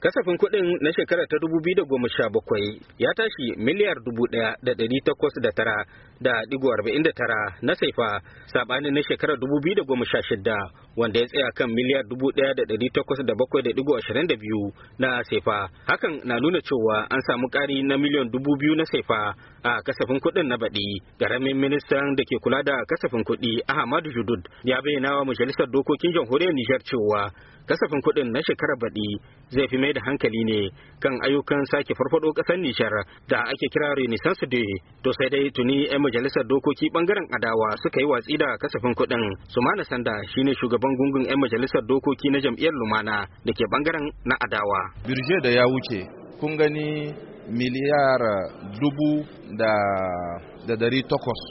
Kasafin kuɗin na shekarar ta bakwai ya tashi miliyar tara da tara na saifa saɓanin na shekarar shidda wanda ya tsaya kan miliyar biyu na saifa. Hakan na nuna cewa an samu ƙari na miliyan biyu na saifa a kasafin kuɗin na baɗi. Garamin ministan da ke kula da kasafin kuɗi Ahmadu Judud ya bayyana wa majalisar dokokin jamhuriyar Nijar cewa kasafin kuɗin na shekarar baɗi zai fi mai mai da hankali ne kan ayyukan sake farfado kasar Nishar da ake kira Renaissance Day to sai dai tuni 'yan majalisar dokoki bangaren adawa suka yi watsi da kasafin kuɗin Sumana Sanda shine shugaban gungun 'yan majalisar dokoki na jam'iyyar Lumana da ke bangaren na adawa. Birje da ya wuce kun gani miliyar dubu da dari takwas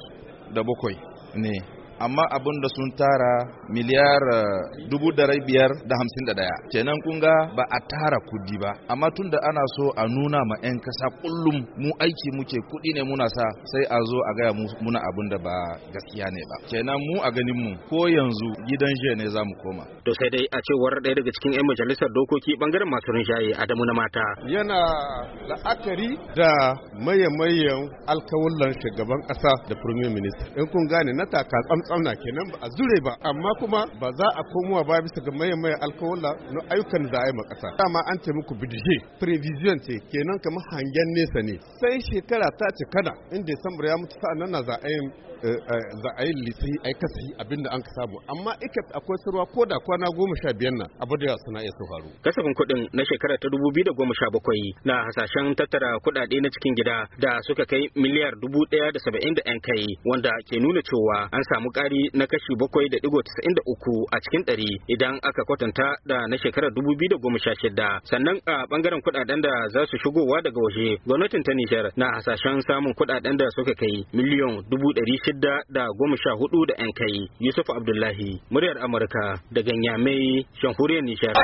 da bakwai ne amma abin da sun tara miliyar eh, dubu da biyar da hamsin da daya kenan kun ba a tara kudi ba amma tun da ana so a nuna ma 'yan kasa kullum mu aiki muke kudi ne muna sa sai a zo a gaya muna abin da ba gaskiya ne ba kenan mu a ganin mu ko yanzu gidan jiya ne za mu koma to sai dai a cewar ɗaya daga cikin 'yan majalisar dokoki bangaren masu rinshaye adamu na mata yana la'akari da maye-mayen alkawullan shugaban ƙasa da premier minister in kun gane na taka tsauna kenan ba a zure ba amma kuma ba za a komowa ba bisa ga maye maye alkawalla na ayyukan da ayi makasa dama an ce muku bidje prevision ce kenan kamar hangen nesa ne sai shekara ta ce kana in december ya mutu sa nan na za a yi eh, eh, za a yi lisai ai kasahi abin an ka samu amma ikat akwai sarwa ko da kwana goma sha biyar na abu da suna iya su faru kasafin kuɗin na shekara ta dubu biyu da goma sha bakwai na hasashen tattara kuɗaɗe na cikin gida da suka kai miliyar dubu ɗaya da saba'in da yan kai wanda ke nuna cewa an samu ƙari na kashi bakwai da digo tasa'in da uku a cikin ɗari idan aka kwatanta da na shekarar dubu biyu da goma sha shida sannan a ɓangaren kuɗaɗen da za su shigowa daga waje gwamnatin ta Nijar na hasashen samun kuɗaɗen da suka kai miliyon dubu ɗari shida da goma sha hudu da ‘yan kai Yusuf Abdullahi muryar Amurka daga Nyamai jamhuriyar Nijar.